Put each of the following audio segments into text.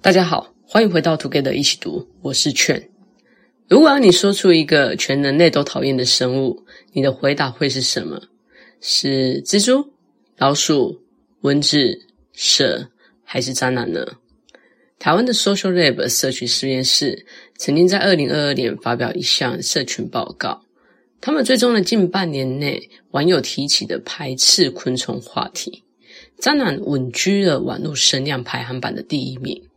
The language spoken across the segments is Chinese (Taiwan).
大家好，歡迎回到 Together 一起讀，我是 Chen。如果讓你說出一個全人類都討厭的生物，你的回答會是什麼？是蜘蛛、老鼠、蚊子、蛇，還是蟑螂呢？台灣的 Social Lab 社群實驗室曾經在二零二二年發表一項社群報告，他們追蹤了近半年內網友提起的排斥昆蟲話題，蟑螂穩居了網絡聲量排行榜的第一名。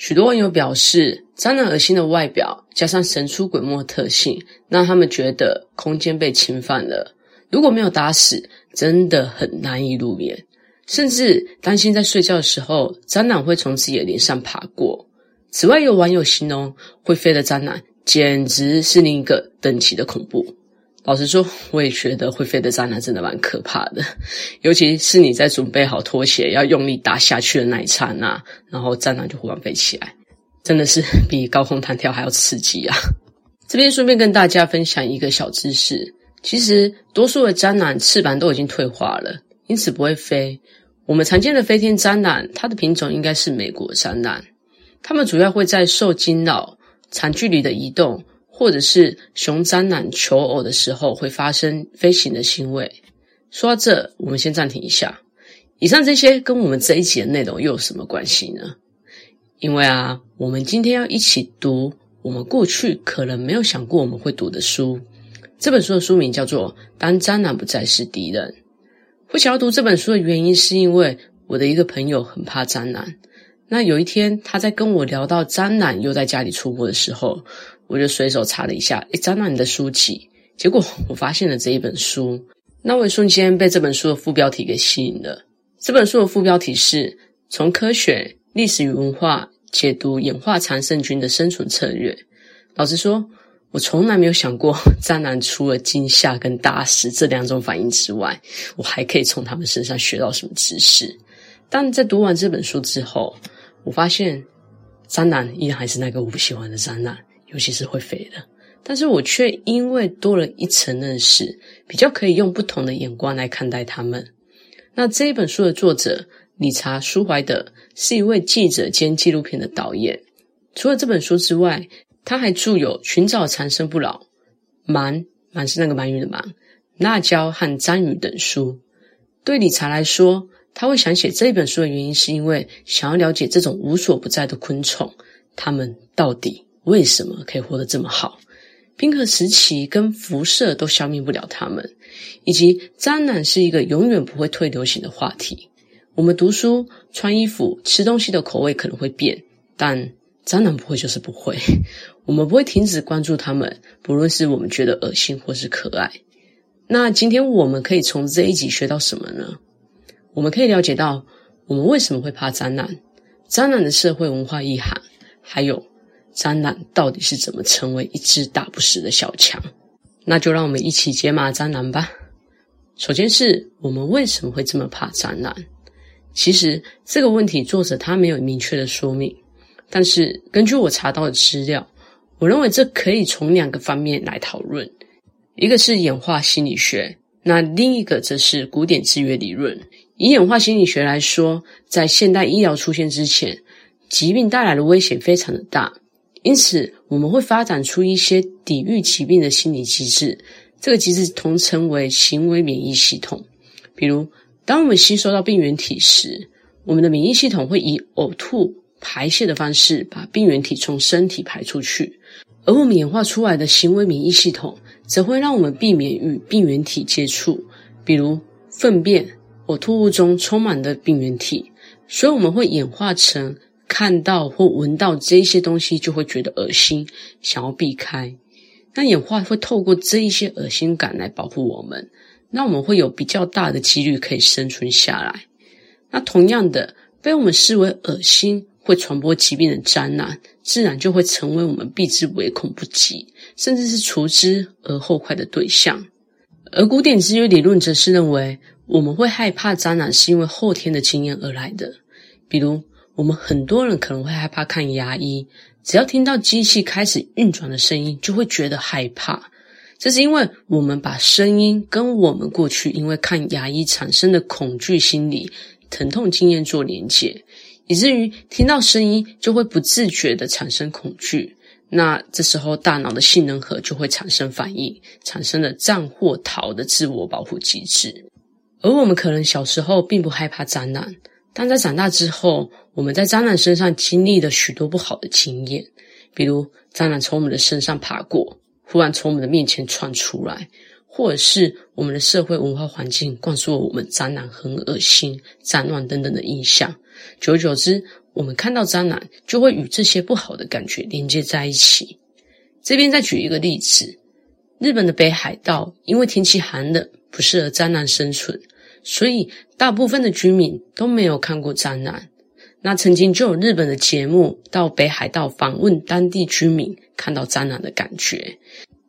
許多網友表示，蟑螂噁心的外表加上神出鬼沒的特性，讓他們覺得空間被侵犯了。如果沒有打死，真的很難以入眠，甚至擔心在睡覺的時候，蟑螂會從自己的臉上爬過。此外，有網友形容會飛的蟑螂，簡直是另一個等級的恐怖。老實說，我也覺得會飛的蟑螂真的蠻可怕的，尤其是你在準備好拖鞋要用力打下去的那一剎那，然後蟑螂就忽然飛起來，真的是比高空彈跳還要刺激啊！這邊順便跟大家分享一個小知識，其實多數的蟑螂翅膀都已經退化了，因此不會飛。我們常見的飛天蟑螂，它的品種應該是美國蟑螂，它們主要會在受驚擾長距離的移動。或者是雄蟑螂求偶的時候會發生飛行的行為。說到這，我們先暫停一下。以上這些跟我們這一集的內容又有什麼關係呢？因為啊，我們今天要一起讀我們過去可能沒有想過我們會讀的書。這本書的書名叫做《當蟑螂不再是敵人》。我想要讀這本書的原因，是因為我的一個朋友很怕蟑螂。那有一天，他在跟我聊到蟑螂又在家裡出沒的時候。我就隨手查了一下，欸，蟑螂的書籍，結果我發現了這一本書。那我也瞬間被這本書的副標題給吸引了。這本書的副標題是：從科學、歷史與文化，解讀演化常勝軍的生存策略。老實說，我從來沒有想過，蟑螂除了驚嚇跟打死這兩種反應之外，我還可以從他們身上學到什麼知識。但在讀完這本書之後，我發現，蟑螂依然還是那個我不喜歡的蟑螂。尤其是會飛的，但是我卻因為多了一層認識，比較可以用不同的眼光來看待他們。那這一本書的作者理察·舒懷德是一位記者兼紀錄片的導演。除了這本書之外，他還著有《尋找長生不老》、《鰻》（鰻是那個鰻魚的鰻）、《辣椒》和《章魚》等書。對理察來說，他會想寫這一本書的原因，是因為想要了解這種無所不在的昆蟲，他們到底。為什麼可以活得這麼好？冰河時期跟輻射都消滅不了他們，以及蟑螂是一個永遠不會退流行的話題。我們讀書、穿衣服、吃東西的口味可能會變，但蟑螂不會，就是不會。 我們不會停止關注他們，不論是我們覺得噁心或是可愛。那今天我們可以從這一集學到什麼呢？我們可以了解到我們為什麼會怕蟑螂，蟑螂的社會文化意涵，還有。蟑螂到底是怎麼成為一只打不死的小強？那就讓我們一起解碼蟑螂吧。首先是我們為什麼會這麼怕蟑螂？其實這個問題作者他沒有明確的說明，但是根據我查到的資料，我認為這可以從兩個方面來討論。一個是演化心理學，那另一個則是古典制約理論。以演化心理學來說，在現代醫療出現之前，疾病帶來的危險非常的大。因此，我們會發展出一些抵禦疾病的心理機制，這個機制通稱為行為免疫系統。比如，當我們吸收到病原體時，我們的免疫系統會以嘔吐、排泄的方式把病原體從身體排出去；而我們演化出來的行為免疫系統，則會讓我們避免與病原體接觸，比如糞便、嘔吐物中充滿的病原體。所以，我們會演化成，看到或聞到這些東西，就會覺得噁心，想要避開。那演化會透過這一些噁心感來保護我們，那我們會有比較大的幾率可以生存下來。那同樣的，被我們視為噁心、會傳播疾病的沾染，自然就會成為我們避之唯恐不及，甚至是除之而後快的對象。而古典制約理論則是認為，我們會害怕沾染，是因為後天的經驗而來的，比如。我們很多人可能會害怕看牙醫，只要聽到機器開始運轉的聲音，就會覺得害怕。這是因為我們把聲音跟我們過去因為看牙醫產生的恐懼心理、疼痛經驗做連接，以至於聽到聲音就會不自覺地產生恐懼。那這時候大腦的杏仁核就會產生反應，產生了戰或逃的自我保護機制。而我們可能小時候並不害怕蟑螂，但在長大之後。我們在蟑螂身上經歷了許多不好的經驗，比如蟑螂從我們的身上爬過，忽然從我們的面前竄出來，或者是我們的社會文化環境灌輸了我們蟑螂很惡心、髒亂等等的印象。久而久之，我們看到蟑螂就會與這些不好的感覺連接在一起。這邊再舉一個例子：日本的北海道因為天氣寒冷，不適合蟑螂生存，所以大部分的居民都沒有看過蟑螂。那曾經就有日本的節目到北海道訪問當地居民，看到蟑螂的感覺。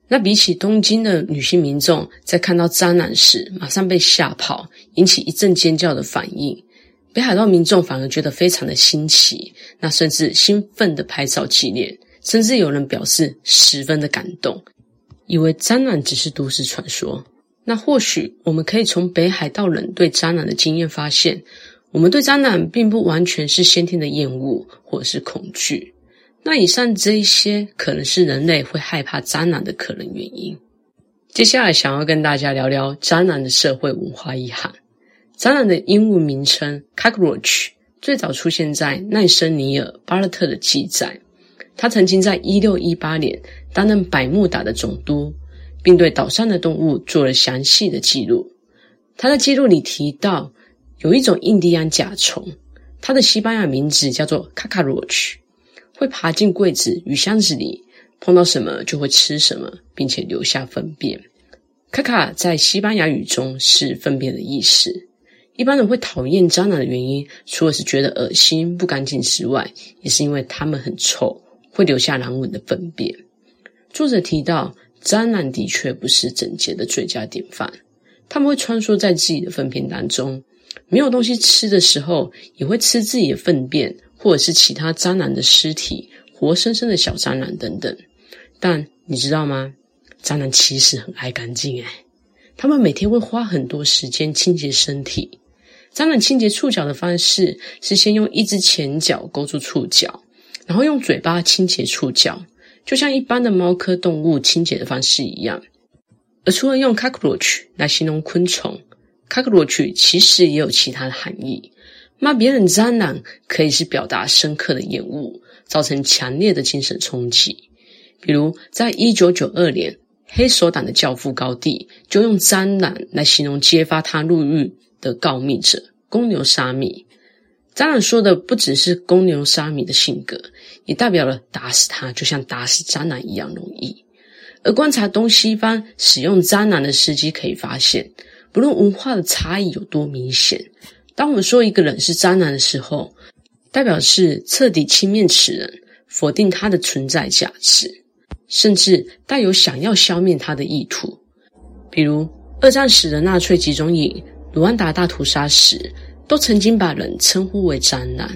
那比起東京的女性民眾在看到蟑螂時馬上被嚇跑，引起一陣尖叫的反應，北海道民眾反而覺得非常的新奇，那甚至興奮地拍照紀念，甚至有人表示十分的感動，以為蟑螂只是都市傳說。那或許我們可以從北海道人對蟑螂的經驗發現。我們對蟑螂並不完全是先天的厭惡或是恐懼，那以上這一些可能是人類會害怕蟑螂的可能原因。接下來想要跟大家聊聊蟑螂的社會文化遺憾。蟑螂的英文名稱 cockroach 最早出現在奈森尼爾巴勒特的記載，他曾經在一六一八年擔任百慕達的總督，並對島上的動物做了詳細的記錄。他在記錄裡提到，有一種印第安甲蟲，它的西班牙名字叫做卡卡羅奇，會爬進櫃子與箱子裡，碰到什麼就會吃什麼，並且留下糞便。卡卡在西班牙語中是糞便的意思。一般人會討厭蟑螂的原因，除了是覺得惡心不乾淨之外，也是因為他們很臭，會留下難聞的糞便。作者提到，蟑螂的確不是整潔的最佳典範，他們會穿梭在自己的糞便當中。沒有東西吃的時候，也會吃自己的糞便，或者是其他蟑螂的屍體，活生生的小蟑螂等等。但你知道嗎？蟑螂其實很愛乾淨，誒，他們每天會花很多時間清潔身體。蟑螂清潔觸角的方式是先用一隻前腳勾住觸角，然後用嘴巴清潔觸角，就像一般的貓科動物清潔的方式一樣。而除了用 cockroach 來形容昆蟲。卡克羅曲其實也有其他的含義。罵別人“蟑螂”可以是表達深刻的厭惡，造成強烈的精神衝擊。比如，在一九九二年，黑手黨的教父高蒂就用“蟑螂”來形容揭發他入獄的告密者公牛沙米。蟑螂說的不只是公牛沙米的性格，也代表了打死他就像打死蟑螂一樣容易。而觀察東西方使用“蟑螂”的時機，可以發現。不論文化的差異有多明顯，當我們說一個人是蟑螂的時候，代表是徹底輕蔑此人，否定他的存在價值，甚至帶有想要消滅他的意圖。比如二戰時的納粹集中營、盧安達大屠殺時，都曾經把人稱呼為蟑螂。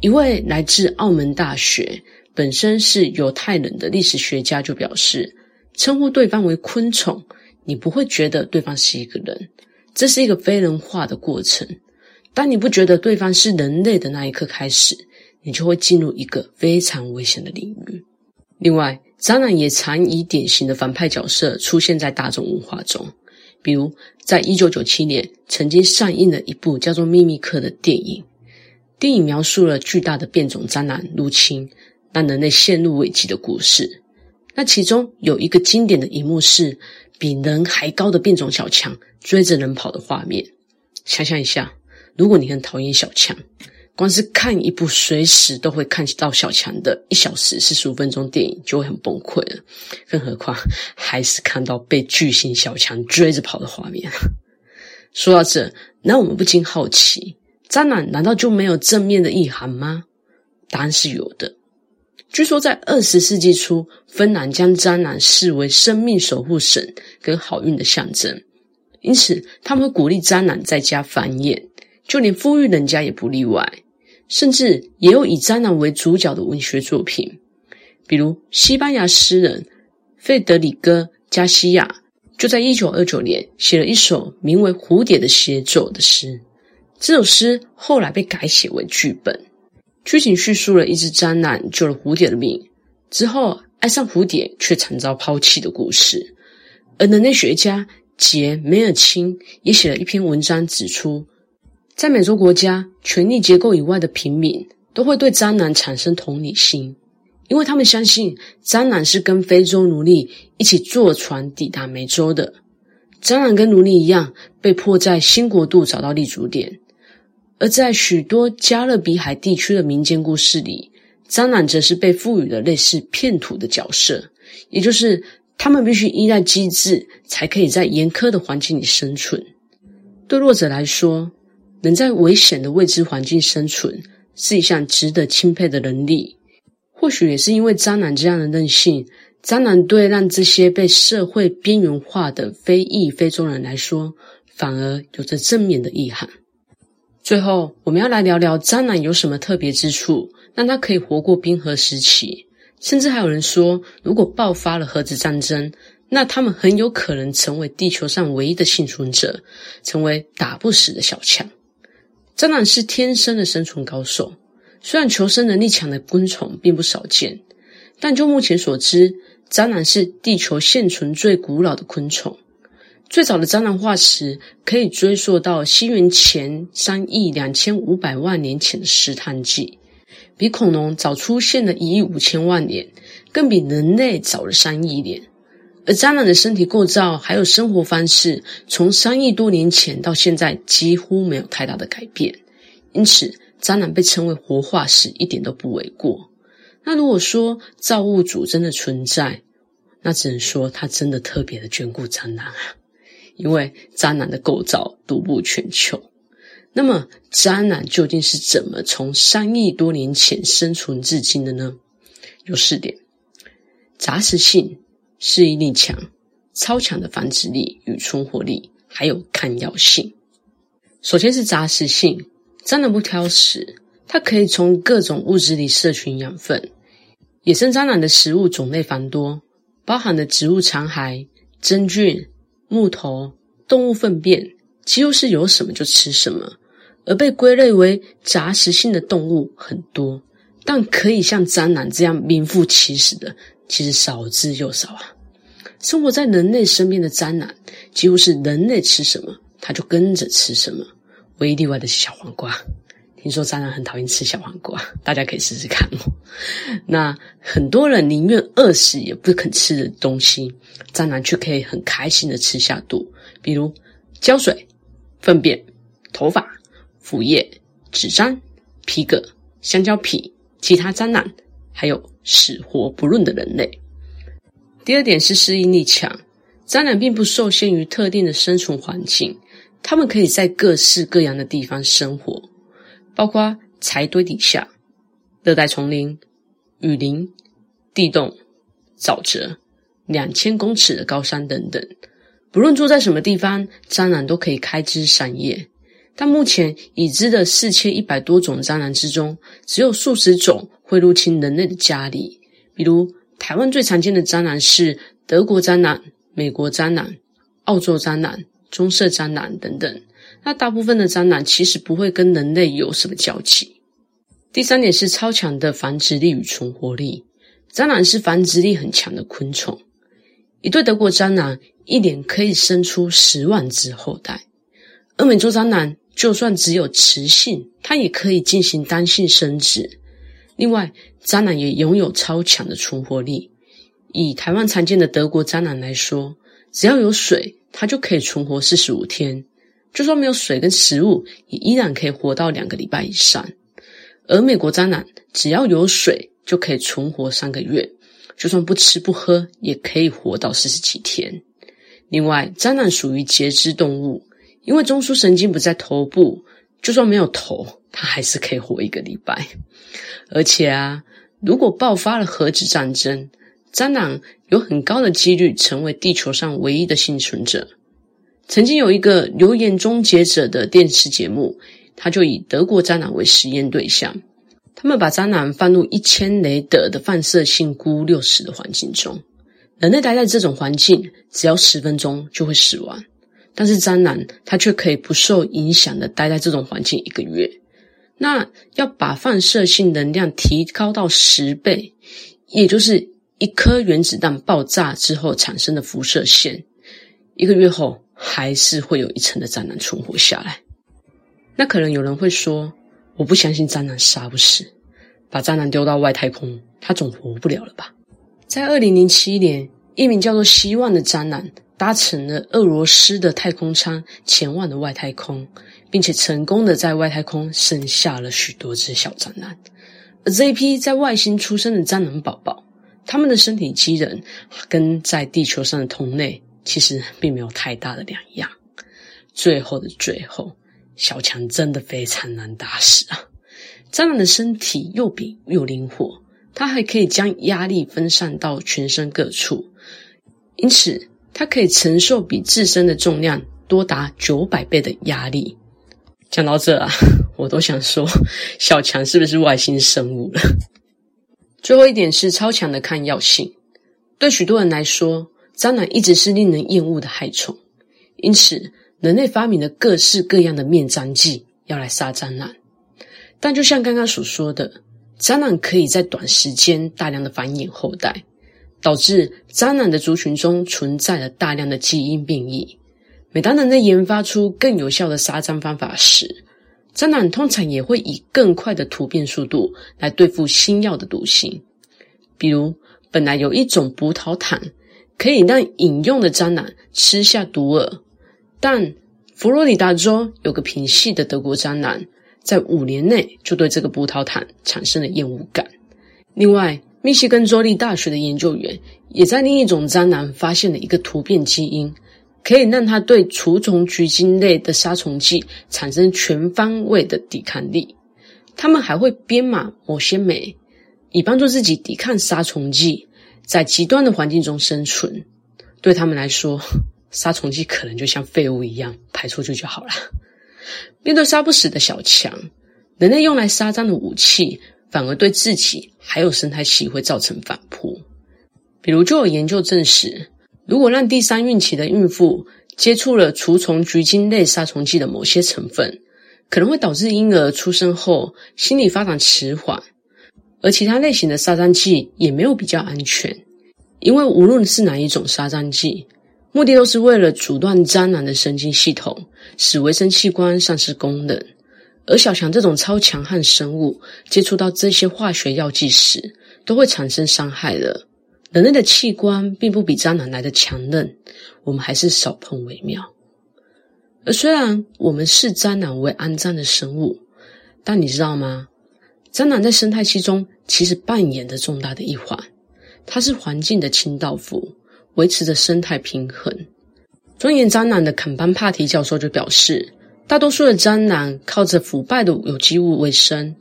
一位來自澳門大學、本身是猶太人的歷史學家就表示，稱呼對方為昆蟲。你不會覺得對方是一個人，這是一個非人化的過程。當你不覺得對方是人類的那一刻開始，你就會進入一個非常危險的領域。另外，蟑螂也常以典型的反派角色出現在大眾文化中，比如在一九九七年曾經上映了一部叫做《秘密客》的電影。電影描述了巨大的變種蟑螂入侵，讓人類陷入危機的故事。那其中有一個經典的一幕是，比人還高的變種小強追着人跑的畫面，想象一下，如果你很討厭小強，光是看一部隨時都會看到小強的一小時四十五分鐘電影就會很崩潰了，更何況還是看到被巨型小強追着跑的畫面。說到這，那我們不禁好奇，蟑螂難道就沒有正面的意涵嗎？答案是有的。據說，在二十世紀初，芬蘭將蟑螂視為生命守護神跟好運的象徵，因此他們會鼓勵蟑螂在家繁衍，就連富裕人家也不例外。甚至也有以蟑螂為主角的文學作品，比如西班牙詩人費德里戈·加西亞就在一九二九年寫了一首名為《蝴蝶的寫作》的協奏的詩，這首詩後來被改寫為劇本。劇情敘述了一隻蟑螂救了蝴蝶的命，之後愛上蝴蝶卻慘遭拋棄的故事。而人類學家傑梅爾欽也寫了一篇文章，指出在美洲國家，權力結構以外的平民都會對蟑螂產生同理心，因為他們相信蟑螂是跟非洲奴隸一起坐船抵達美洲的。蟑螂跟奴隸一樣，被迫在新國度找到立足點。而在許多加勒比海地區的民間故事裡，蟑螂則是被賦予了類似騙徒的角色，也就是他們必須依賴機智，才可以在嚴苛的環境裡生存。對弱者來說，能在危險的未知環境生存是一項值得欽佩的能力。或許也是因為蟑螂這樣的韌性，蟑螂對讓這些被社會邊緣化的非裔非洲人來說，反而有着正面的意涵。最後，我們要來聊聊蟑螂有什麼特別之處，讓它可以活過冰河時期。甚至還有人說，如果爆發了核子戰爭，那它們很有可能成為地球上唯一的幸存者，成為打不死的小強。蟑螂是天生的生存高手，雖然求生能力強的昆蟲並不少見，但就目前所知，蟑螂是地球現存最古老的昆蟲。最早的蟑螂化石可以追溯到西元前三億兩千五百萬年前的石炭紀，比恐龍早出現了一億五千萬年，更比人類早了三億年。而蟑螂的身體構造還有生活方式，從三億多年前到現在幾乎沒有太大的改變，因此蟑螂被稱為活化石一點都不為過。那如果說造物主真的存在，那只能說他真的特別的眷顧蟑螂啊。因為蟑螂的構造獨步全球，那麼蟑螂究竟是怎麼從三億多年前生存至今的呢？有四點：雜食性、適應力強、超強的繁殖力與存活力，還有抗藥性。首先是雜食性，蟑螂不挑食，它可以從各種物質裡攝取養分。野生蟑螂的食物種類繁多，包含的植物殘骸、真菌。木頭、動物糞便，幾乎是有什麼就吃什麼。而被歸類為雜食性的動物很多，但可以像蟑螂這樣名副其實的，其實少之又少啊。生活在人類身邊的蟑螂，幾乎是人類吃什麼，它就跟着吃什麼，唯一例外的是小黃瓜。聽說蟑螂很討厭吃小黃瓜，大家可以試試看哦。那很多人寧願餓死也不肯吃的東西，蟑螂卻可以很開心的吃下肚，比如膠水、糞便、頭髮、腐葉、紙張、皮革、香蕉皮、其他蟑螂，還有死活不論的人類。第二點是適應力強，蟑螂並不受限於特定的生存環境，它們可以在各式各樣的地方生活。包括柴堆底下、熱帶叢林、雨林、地洞、沼澤、兩千公尺的高山等等。不論住在什麼地方，蟑螂都可以開枝散葉。但目前已知的四千一百多種蟑螂之中，只有數十種會入侵人類的家裡。比如，台灣最常見的蟑螂是德國蟑螂、美國蟑螂、澳洲蟑螂、棕色蟑螂等等。那大部分的蟑螂其實不會跟人類有什麼交集。第三點是超強的繁殖力與存活力。蟑螂是繁殖力很強的昆蟲，一對德國蟑螂一年可以生出十萬隻後代，而美洲蟑螂就算只有雌性，它也可以進行單性生殖。另外，蟑螂也擁有超強的存活力。以台灣常見的德國蟑螂來說，只要有水，它就可以存活四十五天。就算沒有水跟食物，也依然可以活到兩個禮拜以上。而美國蟑螂只要有水就可以存活三個月，就算不吃不喝也可以活到四十幾天。另外，蟑螂屬於節肢動物，因為中樞神經不在頭部，就算沒有頭，它還是可以活一個禮拜。而且啊，如果爆發了核子戰爭，蟑螂有很高的幾率成為地球上唯一的倖存者。曾經有一個“流言終結者”的電視節目，他就以德國蟑螂為實驗對象。他們把蟑螂放入一千雷德的放射性鈷六十的環境中，人類待在這種環境只要十分鐘就會死亡，但是蟑螂它卻可以不受影響的待在這種環境一個月。那要把放射性能量提高到十倍，也就是一顆原子彈爆炸之後產生的輻射線，一個月後，還是會有一成的蟑螂存活下來。那可能有人會說，我不相信蟑螂殺不死，把蟑螂丟到外太空，它總活不了了吧？在二零零七年，一名叫做希望的蟑螂搭乘了俄羅斯的太空艙前往了外太空，並且成功的在外太空生下了許多隻小蟑螂。而這一批在外星出生的蟑螂寶寶，它們的身體機能跟在地球上的同類。其實並沒有太大的兩樣。最後的最後，小強真的非常難打死啊！蟑螂的身體又硬又靈活，它還可以將壓力分散到全身各處，因此它可以承受比自身的重量多達九百倍的壓力。講到這啊，我都想說小強是不是外星生物了？最後一點是超強的抗藥性，對許多人來說，蟑螂一直是令人厭惡的害蟲，因此人類發明了各式各樣的滅蟑劑，要來殺蟑螂。但就像剛剛所說的，蟑螂可以在短時間大量的繁衍後代，導致蟑螂的族群中存在了大量的基因變異。每當人類研發出更有效的殺蟑方法時，蟑螂通常也會以更快的突變速度來對付新藥的毒性。比如，本來有一種葡萄糖。可以讓飲用的蟑螂吃下毒餌，但佛羅里達州有個品系的德國蟑螂，在五年內就對這個葡萄糖產生了厭惡感。另外，密歇根州立大學的研究員也在另一種蟑螂發現了一個突變基因，可以讓它對除蟲菊精類的殺蟲劑產生全方位的抵抗力。他們還會編碼某些酶，以幫助自己抵抗殺蟲劑。在極端的環境中生存，對他們來說，殺蟲劑可能就像廢物一樣排出去就好了。面對殺不死的小強，人類用來殺蟑的武器，反而對自己還有生態系會造成反撲。比如，就有研究證實，如果讓第三孕期的孕婦接觸了除蟲菊精類殺蟲劑的某些成分，可能會導致嬰兒出生後心理發展遲緩。而其他類型的殺蟑劑也沒有比較安全，因為無論是哪一種殺蟑劑，目的都是為了阻斷蟑螂的神經系統，使維生器官喪失功能。而小強這種超強悍生物，接觸到這些化學藥劑時，都會產生傷害的。人類的器官並不比蟑螂來得強韌，我們還是少碰為妙。而雖然我們視蟑螂為骯髒的生物，但你知道嗎？蟑螂在生態系中其實扮演着重大的一環，它是環境的清道夫，維持着生態平衡。鑽研蟑螂的坎班帕提教授就表示，大多數的蟑螂靠着腐敗的有機物為生，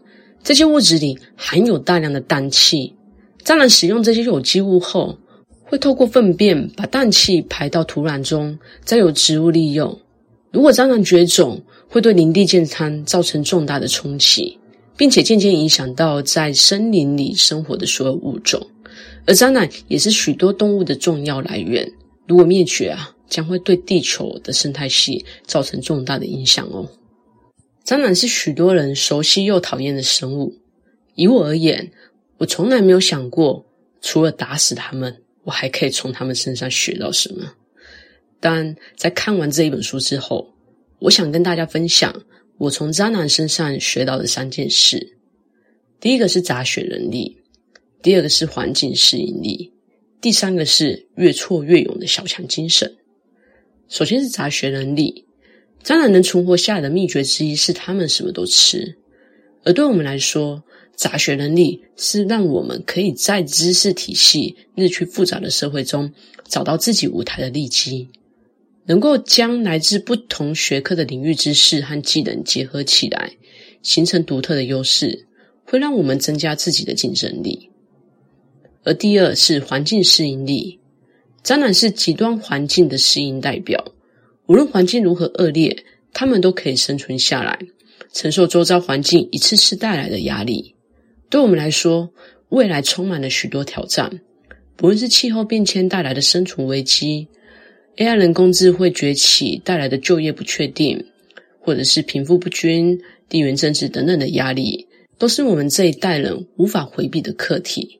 這些物質裡含有大量的氮氣。蟑螂使用這些有機物後，會透過糞便把氮氣排到土壤中，再由植物利用。如果蟑螂絕種，會對林地健康造成重大的衝擊。並且漸漸影響到在森林裡生活的所有物種，而蟑螂也是許多動物的重要來源。如果滅絕啊，將會對地球的生態系造成重大的影響哦。蟑螂是許多人熟悉又討厭的生物。以我而言，我從來沒有想過，除了打死他們，我還可以從他們身上學到什麼。但在看完這一本書之後，我想跟大家分享。我從蟑螂身上學到的三件事：第一個是雜學能力，第二個是環境適應力，第三個是越挫越勇的小強精神。首先是雜學能力，蟑螂能存活下來的祕訣之一是他們什麼都吃，而對我們來說，雜學能力是讓我們可以在知識體系日趨複雜的社會中找到自己舞台的利基。能夠將來自不同學科的領域知識和技能結合起來，形成獨特的優勢，會讓我們增加自己的競爭力。而第二是環境適應力，蟑螂是極端環境的適應代表，無論環境如何惡劣，它們都可以生存下來，承受周遭環境一次次帶來的壓力。對我們來說，未來充滿了許多挑戰，不論是氣候變遷帶來的生存危機。AI 人工智慧崛起帶來的就業不確定，或者是貧富不均、地緣政治等等的壓力，都是我們這一代人無法回避的課題。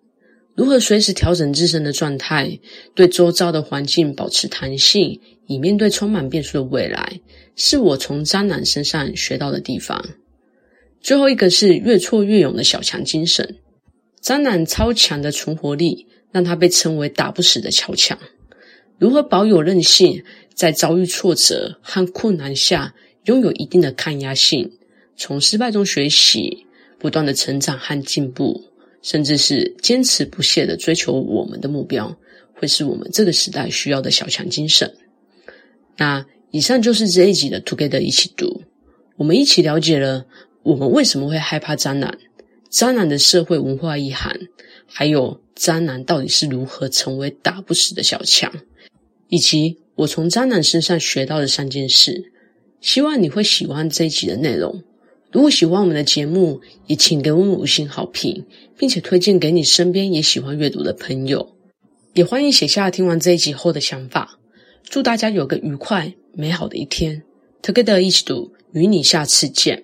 如何隨時調整自身的狀態，對周遭的環境保持彈性，以面對充滿變數的未來，是我從蟑螂身上學到的地方。最後一個是越挫越勇的小強精神。蟑螂超強的存活力，讓他被稱為打不死的小強。如何保有韌性，在遭遇挫折和困難下擁有一定的抗壓性，從失敗中學習，不斷的成長和進步，甚至是堅持不懈的追求我們的目標，會是我們這個時代需要的小強精神。那以上就是這一集的《Together 一起讀》，我們一起了解了我們為什麼會害怕蟑螂，蟑螂的社會文化意涵，還有蟑螂到底是如何成為打不死的小強。以及我從蟑螂身上學到的三件事，希望你會喜歡這一集的內容。如果喜歡我們的節目，也請給我們五星好評，並且推薦給你身邊也喜歡閱讀的朋友。也歡迎寫下聽完這一集後的想法。祝大家有個愉快美好的一天，Together 一起讀，do, 與你下次見。